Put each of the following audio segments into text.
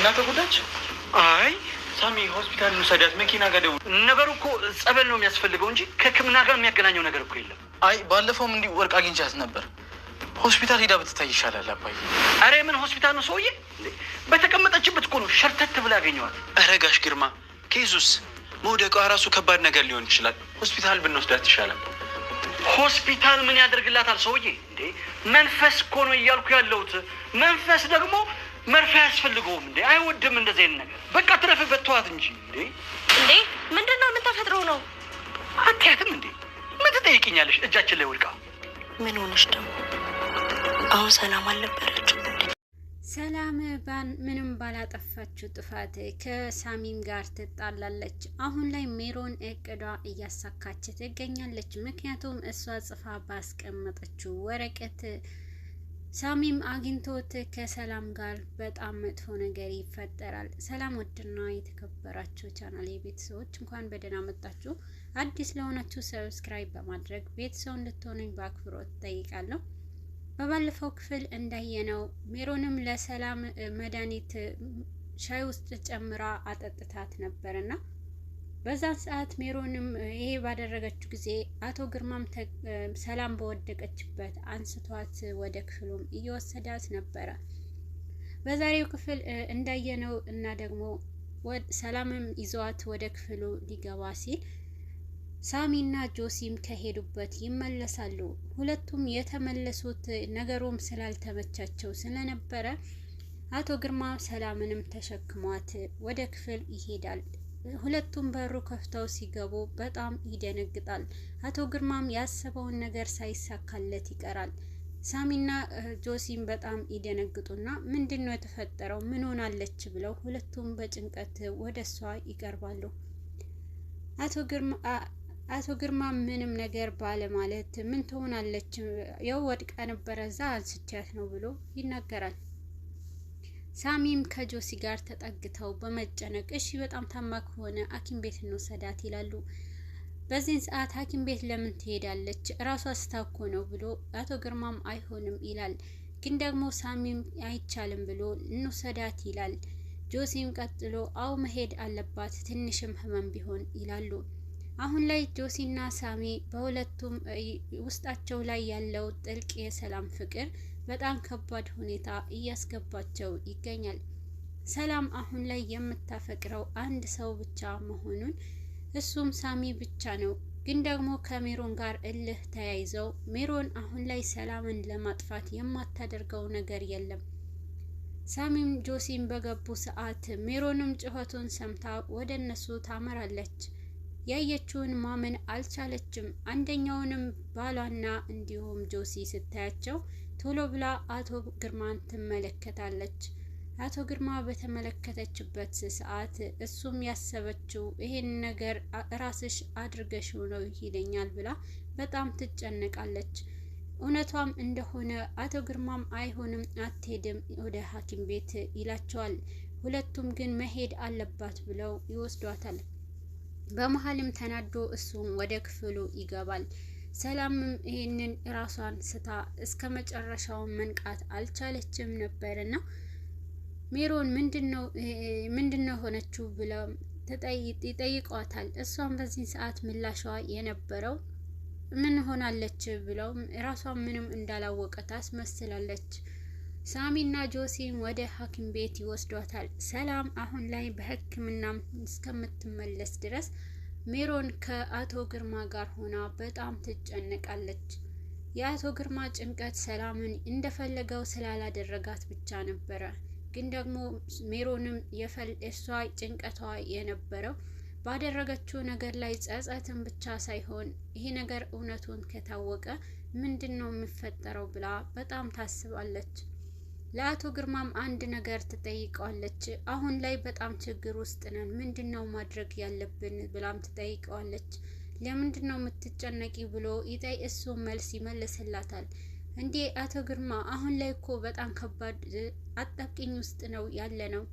እና ተጎዳች። አይ ሳሚ ሆስፒታል እንውሰዳት፣ መኪና ጋር ደውል። ነገሩ እኮ ጸበል ነው የሚያስፈልገው እንጂ ከሕክምና ጋር የሚያገናኘው ነገር እኮ የለም። አይ ባለፈውም እንዲህ ወርቅ አግኝቻት ነበር። ሆስፒታል ሄዳ ብትታይ ይሻላል። አባዬ አረ የምን ሆስፒታል ነው ሰውዬ? በተቀመጠችበት እኮ ነው ሸርተት ብላ ያገኘዋል። አረ ጋሽ ግርማ ኬዙስ መውደቋ ራሱ ከባድ ነገር ሊሆን ይችላል። ሆስፒታል ብንወስዳት ይሻላል። ሆስፒታል ምን ያደርግላታል ሰውዬ? እንዴ መንፈስ እኮ ነው እያልኩ ያለሁት መንፈስ ደግሞ መርፌ አያስፈልገውም እንዴ? አይወድም እንደዚህ አይነት ነገር። በቃ ትረፍበት ተዋት እንጂ እንዴ! እንዴ ምንድን ነው የምታፈጥረው ነው? አትያትም እንዴ? ምን ትጠይቅኛለሽ? እጃችን ላይ ወድቃ ምን ሆነች ደግሞ? አሁን ሰላም አልነበረችም። ሰላም ምንም ባላጠፋችው ጥፋት ከሳሚም ጋር ትጣላለች። አሁን ላይ ሜሮን እቅዷ እያሳካች ትገኛለች። ምክንያቱም እሷ ጽፋ ባስቀመጠችው ወረቀት ሳሚም አግኝቶት ከሰላም ጋር በጣም መጥፎ ነገር ይፈጠራል። ሰላም ውድና የተከበራችሁ ቻናል የቤተሰቦች እንኳን በደህና መጣችሁ። አዲስ ለሆናችሁ ሰብስክራይብ በማድረግ ቤተሰው እንድትሆኑኝ በአክብሮት ጠይቃለሁ። በባለፈው ክፍል እንዳየነው ሜሮንም ለሰላም መድኃኒት ሻይ ውስጥ ጨምራ አጠጥታት ነበርና በዛን ሰዓት ሜሮንም ይሄ ባደረገችው ጊዜ አቶ ግርማም ሰላም በወደቀችበት አንስቷት ወደ ክፍሉም እየወሰዳት ነበረ። በዛሬው ክፍል እንዳየነው እና ደግሞ ሰላምም ይዘዋት ወደ ክፍሉ ሊገባ ሲል ሳሚና ጆሲም ከሄዱበት ይመለሳሉ። ሁለቱም የተመለሱት ነገሩም ስላልተመቻቸው ስለነበረ አቶ ግርማ ሰላምንም ተሸክሟት ወደ ክፍል ይሄዳል። ሁለቱም በሩ ከፍተው ሲገቡ በጣም ይደነግጣል። አቶ ግርማም ያሰበውን ነገር ሳይሳካለት ይቀራል። ሳሚና ጆሲም በጣም ይደነግጡና ምንድን ነው የተፈጠረው? ምን ሆናለች ብለው ሁለቱም በጭንቀት ወደ እሷ ይቀርባሉ። አቶ ግርማ ምንም ነገር ባለማለት ምን ትሆናለች? የው ወድቃ ነበረ እዛ አንስቻት ነው ብሎ ይናገራል። ሳሚም ከጆሲ ጋር ተጠግተው በመጨነቅ እሺ በጣም ታማ ከሆነ ሐኪም ቤት እንወሰዳት ይላሉ። በዚህን ሰዓት ሐኪም ቤት ለምን ትሄዳለች? እራሷ ስታኮ ነው ብሎ አቶ ግርማም አይሆንም ይላል። ግን ደግሞ ሳሚም አይቻልም ብሎ እንውሰዳት ይላል። ጆሲም ቀጥሎ አው መሄድ አለባት ትንሽም ህመም ቢሆን ይላሉ። አሁን ላይ ጆሲና ሳሚ በሁለቱም ውስጣቸው ላይ ያለው ጥልቅ የሰላም ፍቅር በጣም ከባድ ሁኔታ እያስገባቸው ይገኛል። ሰላም አሁን ላይ የምታፈቅረው አንድ ሰው ብቻ መሆኑን እሱም ሳሚ ብቻ ነው። ግን ደግሞ ከሜሮን ጋር እልህ ተያይዘው ሜሮን አሁን ላይ ሰላምን ለማጥፋት የማታደርገው ነገር የለም። ሳሚም ጆሲን በገቡ ሰዓት ሜሮንም ጩኸቱን ሰምታ ወደ እነሱ ታመራለች። ያየችውን ማመን አልቻለችም። አንደኛውንም ባሏና እንዲሁም ጆሲ ስታያቸው ቶሎ ብላ አቶ ግርማን ትመለከታለች። አቶ ግርማ በተመለከተችበት ሰዓት እሱም ያሰበችው ይሄን ነገር ራስሽ አድርገሽው ነው ይለኛል ብላ በጣም ትጨነቃለች። እውነቷም እንደሆነ አቶ ግርማም አይሆንም፣ አትሄድም ወደ ሐኪም ቤት ይላቸዋል። ሁለቱም ግን መሄድ አለባት ብለው ይወስዷታል። በመሀልም ተናዶ እሱም ወደ ክፍሉ ይገባል። ሰላምም ይህንን ራሷን ስታ እስከ መጨረሻው መንቃት አልቻለችም ነበርና ሜሮን ምንድን ነው ሆነችው ብለው ይጠይቋታል። እሷም በዚህ ሰዓት ምላሿ የነበረው ምን ሆናለች ብለው ራሷን ምንም እንዳላወቀ ታስመስላለች። ሳሚና ጆሲም ወደ ሐኪም ቤት ይወስዷታል። ሰላም አሁን ላይ በሕክምና እስከምትመለስ ድረስ ሜሮን ከአቶ ግርማ ጋር ሆና በጣም ትጨነቃለች። የአቶ ግርማ ጭንቀት ሰላምን እንደፈለገው ስላላደረጋት ብቻ ነበረ። ግን ደግሞ ሜሮንም እሷ ጭንቀቷ የነበረው ባደረገችው ነገር ላይ ጸጸትን ብቻ ሳይሆን ይሄ ነገር እውነቱን ከታወቀ ምንድን ነው የሚፈጠረው ብላ በጣም ታስባለች። ለአቶ ግርማም አንድ ነገር ትጠይቀዋለች። አሁን ላይ በጣም ችግር ውስጥ ነን፣ ምንድን ነው ማድረግ ያለብን ብላም ትጠይቀዋለች። ለምንድን ነው የምትጨነቂ ብሎ ይጠይ እሱ መልስ ይመልስላታል። እንዴ አቶ ግርማ አሁን ላይ እኮ በጣም ከባድ አጣብቂኝ ውስጥ ነው ያለ ነው።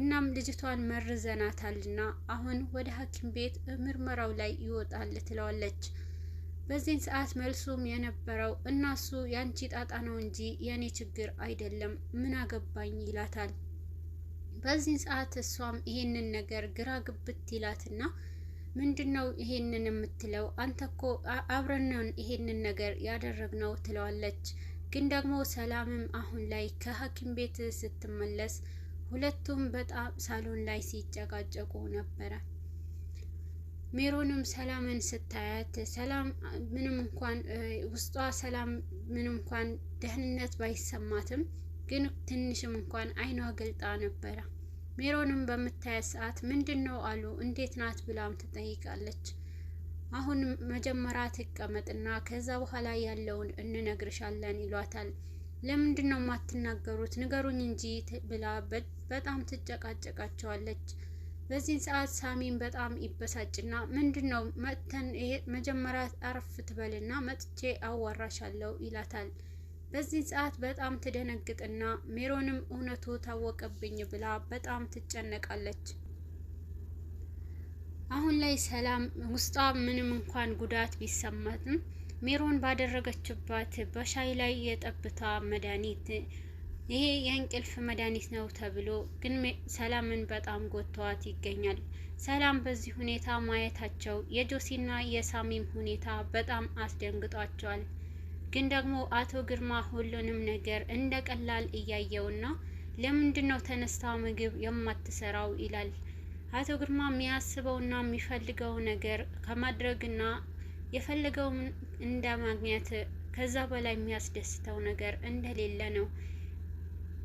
እናም ልጅቷን መርዘናታልና አሁን ወደ ሐኪም ቤት ምርመራው ላይ ይወጣል ትለዋለች። በዚህን ሰዓት መልሱም የነበረው እናሱ ያንቺ ጣጣ ነው እንጂ የእኔ ችግር አይደለም፣ ምን አገባኝ ይላታል። በዚህን ሰዓት እሷም ይሄንን ነገር ግራ ግብት ይላትና ምንድን ነው ይሄንን የምትለው? አንተ እኮ አብረንን ይሄንን ነገር ያደረግነው ትለዋለች። ግን ደግሞ ሰላምም አሁን ላይ ከሐኪም ቤት ስትመለስ ሁለቱም በጣም ሳሎን ላይ ሲጨቃጨቁ ነበረ። ሜሮንም ሰላምን ስታያት ሰላም ምንም እንኳን ውስጧ ሰላም ምንም እንኳን ደህንነት ባይሰማትም ግን ትንሽም እንኳን አይኗ ገልጣ ነበረ። ሜሮንም በምታያት ሰዓት ምንድን ነው አሉ እንዴት ናት ብላም ትጠይቃለች። አሁን መጀመሪያ ትቀመጥና ከዛ በኋላ ያለውን እንነግርሻለን ይሏታል። ለምንድን ነው የማትናገሩት ንገሩኝ እንጂ ብላ በጣም ትጨቃጨቃቸዋለች። በዚህን ሰዓት ሳሚን በጣም ይበሳጭና ምንድን ነው መጥተን ይሄ መጀመሪያ አረፍ ትበልና መጥቼ አዋራሻለሁ ይላታል። በዚህ ሰዓት በጣም ትደነግጥና ሜሮንም እውነቱ ታወቀብኝ ብላ በጣም ትጨነቃለች። አሁን ላይ ሰላም ውስጧ ምንም እንኳን ጉዳት ቢሰማትም ሜሮን ባደረገችባት በሻይ ላይ የጠብታ መድኃኒት ይሄ የእንቅልፍ መድኃኒት ነው ተብሎ ግን ሰላምን በጣም ጎተዋት ይገኛል። ሰላም በዚህ ሁኔታ ማየታቸው የጆሲና የሳሚም ሁኔታ በጣም አስደንግጧቸዋል። ግን ደግሞ አቶ ግርማ ሁሉንም ነገር እንደ ቀላል እያየውና ለምንድን ነው ተነስታ ምግብ የማትሰራው ይላል። አቶ ግርማ የሚያስበውና የሚፈልገው ነገር ከማድረግና የፈለገውም እንደ ማግኘት ከዛ በላይ የሚያስደስተው ነገር እንደሌለ ነው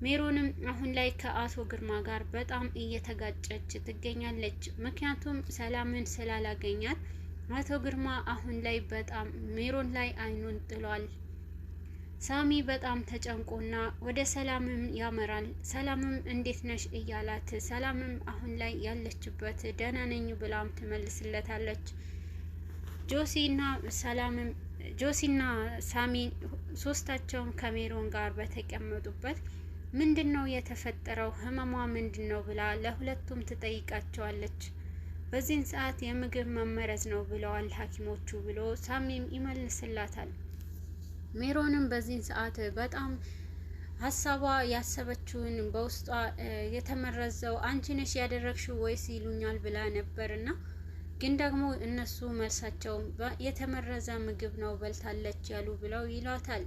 ሜሮንም አሁን ላይ ከአቶ ግርማ ጋር በጣም እየተጋጨች ትገኛለች። ምክንያቱም ሰላምን ስላላገኛት አቶ ግርማ አሁን ላይ በጣም ሜሮን ላይ አይኑን ጥሏል። ሳሚ በጣም ተጨንቆና ወደ ሰላምም ያመራል። ሰላምም እንዴት ነሽ እያላት፣ ሰላምም አሁን ላይ ያለችበት ደህና ነኝ ብላም ትመልስለታለች። ጆሲና ሰላምም ጆሲና ሳሚ ሶስታቸውም ከሜሮን ጋር በተቀመጡበት ምንድን ነው የተፈጠረው? ህመሟ ምንድን ነው ብላ ለሁለቱም ትጠይቃቸዋለች። በዚህን ሰዓት የምግብ መመረዝ ነው ብለዋል ሐኪሞቹ ብሎ ሳሚም ይመልስላታል። ሜሮንም በዚህን ሰዓት በጣም ሀሳቧ ያሰበችውን በውስጧ የተመረዘው አንቺ ነሽ ያደረግሽው ወይስ ይሉኛል ብላ ነበርና ግን ደግሞ እነሱ መልሳቸው የተመረዘ ምግብ ነው በልታለች ያሉ ብለው ይሏታል።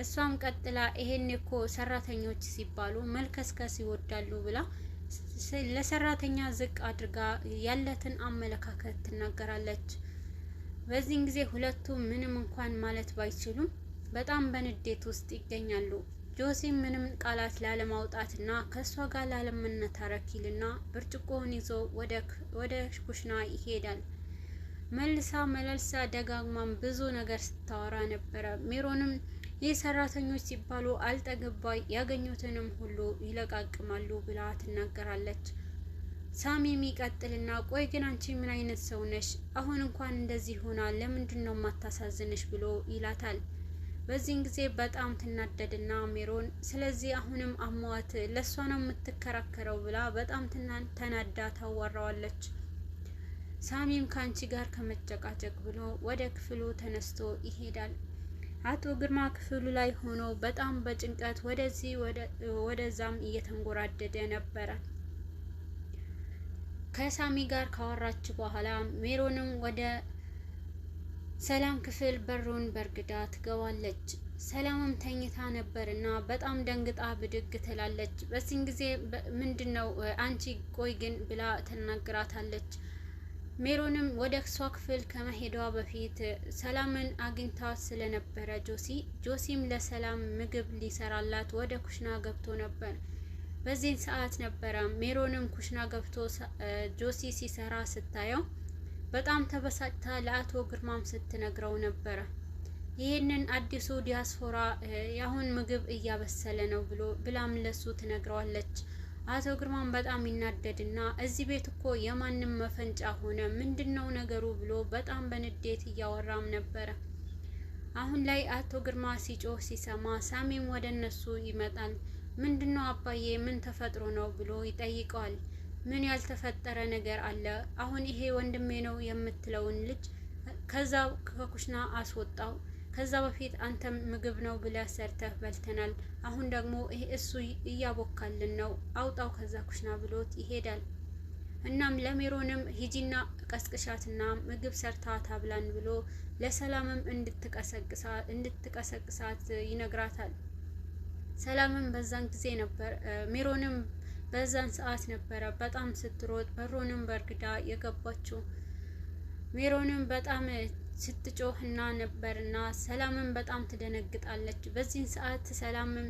እሷም ቀጥላ ይሄን እኮ ሰራተኞች ሲባሉ መልከስከስ ይወዳሉ ብላ ለሰራተኛ ዝቅ አድርጋ ያለትን አመለካከት ትናገራለች። በዚህን ጊዜ ሁለቱ ምንም እንኳን ማለት ባይችሉም በጣም በንዴት ውስጥ ይገኛሉ። ጆሲ ምንም ቃላት ላለማውጣትና ከእሷ ጋር ላለመነታረኪልና ብርጭቆውን ይዞ ወደ ኩሽና ይሄዳል። መልሳ መለልሳ ደጋግማም ብዙ ነገር ስታወራ ነበረ ሜሮንም ይህ ሰራተኞች ሲባሉ አልጠገባይ ያገኙትንም ሁሉ ይለቃቅማሉ ብላ ትናገራለች። ሳሚም ይቀጥልና ቆይ ግን አንቺ ምን አይነት ሰው ነሽ? አሁን እንኳን እንደዚህ ሆና ለምንድን ነው ማታሳዝንሽ? ብሎ ይላታል። በዚህን ጊዜ በጣም ትናደድና ሜሮን ስለዚህ አሁንም አሟት ለእሷ ነው የምትከራከረው ብላ በጣም ተናዳ ታዋራዋለች። ሳሚም ከአንቺ ጋር ከመጨቃጨቅ ብሎ ወደ ክፍሉ ተነስቶ ይሄዳል። አቶ ግርማ ክፍሉ ላይ ሆኖ በጣም በጭንቀት ወደዚህ ወደዛም እየተንጎራደደ ነበረ። ከሳሚ ጋር ካወራች በኋላ ሜሮንም ወደ ሰላም ክፍል በሩን በርግዳ ትገባለች። ሰላምም ተኝታ ነበር እና በጣም ደንግጣ ብድግ ትላለች። በዚህን ጊዜ ምንድን ነው አንቺ ቆይ ግን ብላ ትናግራታለች ሜሮንም ወደ እሷ ክፍል ከመሄዷ በፊት ሰላምን አግኝታ ስለነበረ ጆሲ ጆሲም ለሰላም ምግብ ሊሰራላት ወደ ኩሽና ገብቶ ነበር። በዚህን ሰዓት ነበረ ሜሮንም ኩሽና ገብቶ ጆሲ ሲሰራ ስታየው በጣም ተበሳጭታ ለአቶ ግርማም ስትነግረው ነበረ። ይህንን አዲሱ ዲያስፖራ የአሁን ምግብ እያበሰለ ነው ብሎ ብላም ለሱ ትነግረዋለች። አቶ ግርማም በጣም ይናደድና እዚህ ቤት እኮ የማንም መፈንጫ ሆነ፣ ምንድነው ነገሩ ብሎ በጣም በንዴት እያወራም ነበረ። አሁን ላይ አቶ ግርማ ሲጮህ ሲሰማ ሳሚም ወደ እነሱ ይመጣል። ምንድነው አባዬ፣ ምን ተፈጥሮ ነው ብሎ ይጠይቀዋል። ምን ያልተፈጠረ ነገር አለ? አሁን ይሄ ወንድሜ ነው የምትለውን ልጅ ከዛ ከኩሽና አስወጣው ከዛ በፊት አንተም ምግብ ነው ብለ ሰርተህ በልተናል። አሁን ደግሞ ይሄ እሱ እያቦካልን ነው፣ አውጣው ከዛ ኩሽና ብሎት ይሄዳል። እናም ለሜሮንም ሂጂና ቀስቅሻትና ምግብ ሰርታ ታብላን ብሎ ለሰላምም እንድትቀሰቅሳት ይነግራታል። ሰላምም በዛን ጊዜ ነበር ሜሮንም በዛን ሰዓት ነበረ በጣም ስትሮጥ በሩንም በእርግዳ የገባችው። ሜሮንም በጣም ስትጮህና ነበርና ሰላምም በጣም ትደነግጣለች። በዚህን ሰዓት ሰላምም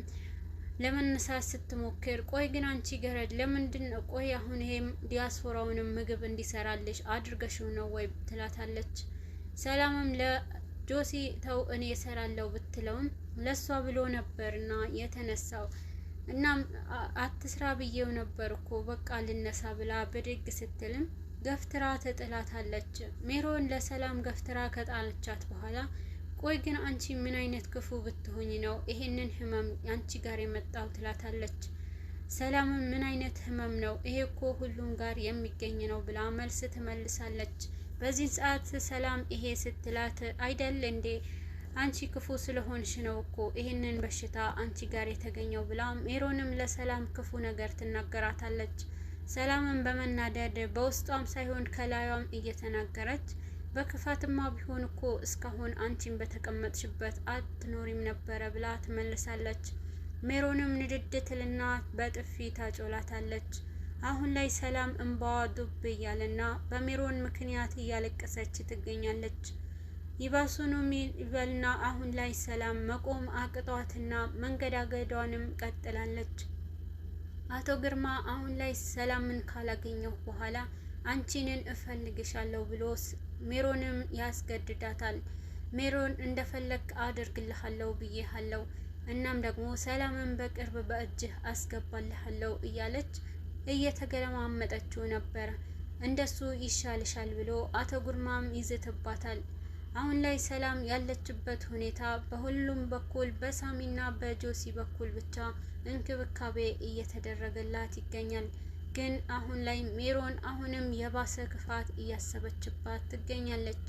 ለመነሳት ስትሞክር ቆይ ግን አንቺ ገረድ ለምንድን ነው ቆይ አሁን ይሄ ዲያስፖራውንም ምግብ እንዲሰራልሽ አድርገሽው ነው ወይ ትላታለች። ሰላምም ለጆሲ ተው እኔ እሰራለሁ ብትለውም ለሷ ብሎ ነበርና የተነሳው እናም አትስራ ብዬው ነበር እኮ በቃ ልነሳ ብላ ብድግ ስትልም ገፍትራ ትጥላታለች። ሜሮን ለሰላም ገፍትራ ከጣለቻት በኋላ ቆይ ግን አንቺ ምን አይነት ክፉ ብትሆኝ ነው ይሄንን ህመም አንቺ ጋር የመጣው ትላታለች። ሰላምም ምን አይነት ህመም ነው ይሄ እኮ ሁሉም ጋር የሚገኝ ነው ብላ መልስ ትመልሳለች። በዚህ ሰዓት ሰላም ይሄ ስትላት አይደል እንዴ አንቺ ክፉ ስለሆንሽ ነው እኮ ይሄንን በሽታ አንቺ ጋር የተገኘው ብላ ሜሮንም ለሰላም ክፉ ነገር ትናገራታለች። ሰላምን በመናደድ በውስጧም ሳይሆን ከላዩም እየተናገረች በክፋትማ ቢሆን እኮ እስካሁን አንቺን በተቀመጥሽበት አትኖሪም ነበረ ብላ ትመልሳለች። ሜሮንም ንድድ ትልና በጥፊ ታጮላታለች። አሁን ላይ ሰላም እንባዋ ዱብ እያለና በሜሮን ምክንያት እያለቀሰች ትገኛለች። ይባሱኑ ይበልና አሁን ላይ ሰላም መቆም አቅጧትና መንገዳገዷንም ቀጥላለች። አቶ ግርማ አሁን ላይ ሰላምን ካላገኘሁ በኋላ አንቺንን እፈልግሻለሁ ብሎ ሜሮንም ያስገድዳታል። ሜሮን እንደፈለግ አድርግልሃለሁ ብዬሃለሁ፣ እናም ደግሞ ሰላምን በቅርብ በእጅህ አስገባልሃለሁ እያለች እየተገለማመጠችው ነበር እንደሱ ይሻልሻል ብሎ አቶ ግርማም ይዝትባታል። አሁን ላይ ሰላም ያለችበት ሁኔታ በሁሉም በኩል በሳሚና በጆሲ በኩል ብቻ እንክብካቤ እየተደረገላት ይገኛል። ግን አሁን ላይ ሜሮን አሁንም የባሰ ክፋት እያሰበችባት ትገኛለች።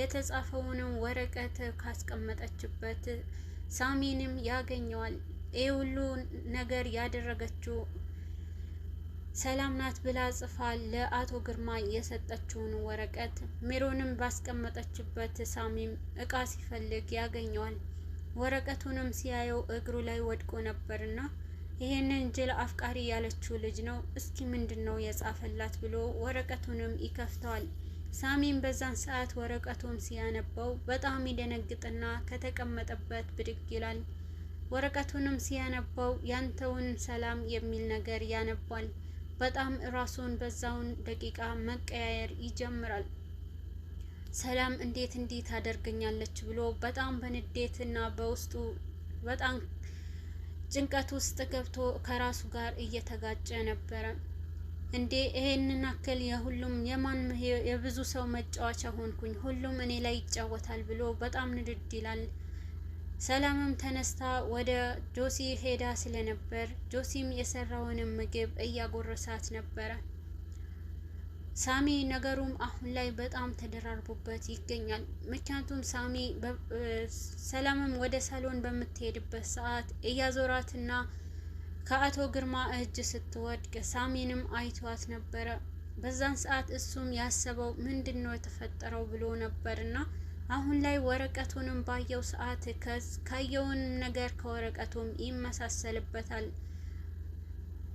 የተጻፈውንም ወረቀት ካስቀመጠችበት ሳሚንም ያገኘዋል። ይህ ሁሉ ነገር ያደረገችው ሰላም ናት ብላ ጽፋ ለአቶ ግርማ የሰጠችውን ወረቀት ሜሮንም ባስቀመጠችበት ሳሚም እቃ ሲፈልግ ያገኘዋል። ወረቀቱንም ሲያየው እግሩ ላይ ወድቆ ነበርና ይህንን ጅል አፍቃሪ ያለችው ልጅ ነው፣ እስኪ ምንድን ነው የጻፈላት ብሎ ወረቀቱንም ይከፍተዋል። ሳሚም በዛን ሰዓት ወረቀቱን ሲያነበው በጣም ይደነግጥና ከተቀመጠበት ብድግ ይላል። ወረቀቱንም ሲያነበው ያንተውን ሰላም የሚል ነገር ያነባል። በጣም ራሱን በዛውን ደቂቃ መቀያየር ይጀምራል። ሰላም እንዴት እንዴት አደርገኛለች ብሎ በጣም በንዴት እና በውስጡ በጣም ጭንቀት ውስጥ ገብቶ ከራሱ ጋር እየተጋጨ ነበረ። እንዴ ይሄንን አክል የሁሉም የማን የብዙ ሰው መጫወቻ ሆንኩኝ፣ ሁሉም እኔ ላይ ይጫወታል ብሎ በጣም ንድድ ይላል። ሰላምም ተነስታ ወደ ጆሲ ሄዳ ስለነበር ጆሲም የሰራውንም ምግብ እያጎረሳት ነበረ። ሳሚ ነገሩም አሁን ላይ በጣም ተደራርቦበት ይገኛል። ምክንያቱም ሳሚ ሰላምም ወደ ሳሎን በምትሄድበት ሰዓት እያዞራትና ከአቶ ግርማ እጅ ስትወድቅ ሳሚንም አይቷት ነበረ። በዛን ሰዓት እሱም ያሰበው ምንድን ነው የተፈጠረው ብሎ ነበርና አሁን ላይ ወረቀቱንም ባየው ሰዓት ካየውን ነገር ከወረቀቱም ይመሳሰልበታል።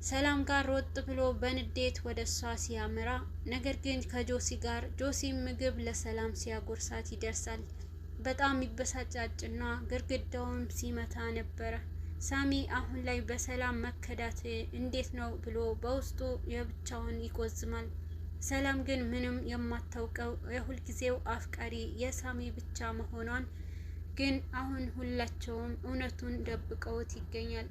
ሰላም ጋር ሮጥ ብሎ በንዴት ወደ እሷ ሲያመራ፣ ነገር ግን ከጆሲ ጋር ጆሲ ምግብ ለሰላም ሲያጎርሳት ይደርሳል። በጣም ይበሳጫጭና ግርግዳውም ሲመታ ነበረ። ሳሚ አሁን ላይ በሰላም መከዳት እንዴት ነው ብሎ በውስጡ የብቻውን ይቆዝማል። ሰላም ግን ምንም የማታውቀው የሁልጊዜው አፍቃሪ የሳሚ ብቻ መሆኗን ግን አሁን ሁላቸውም እውነቱን ደብቀውት ይገኛል።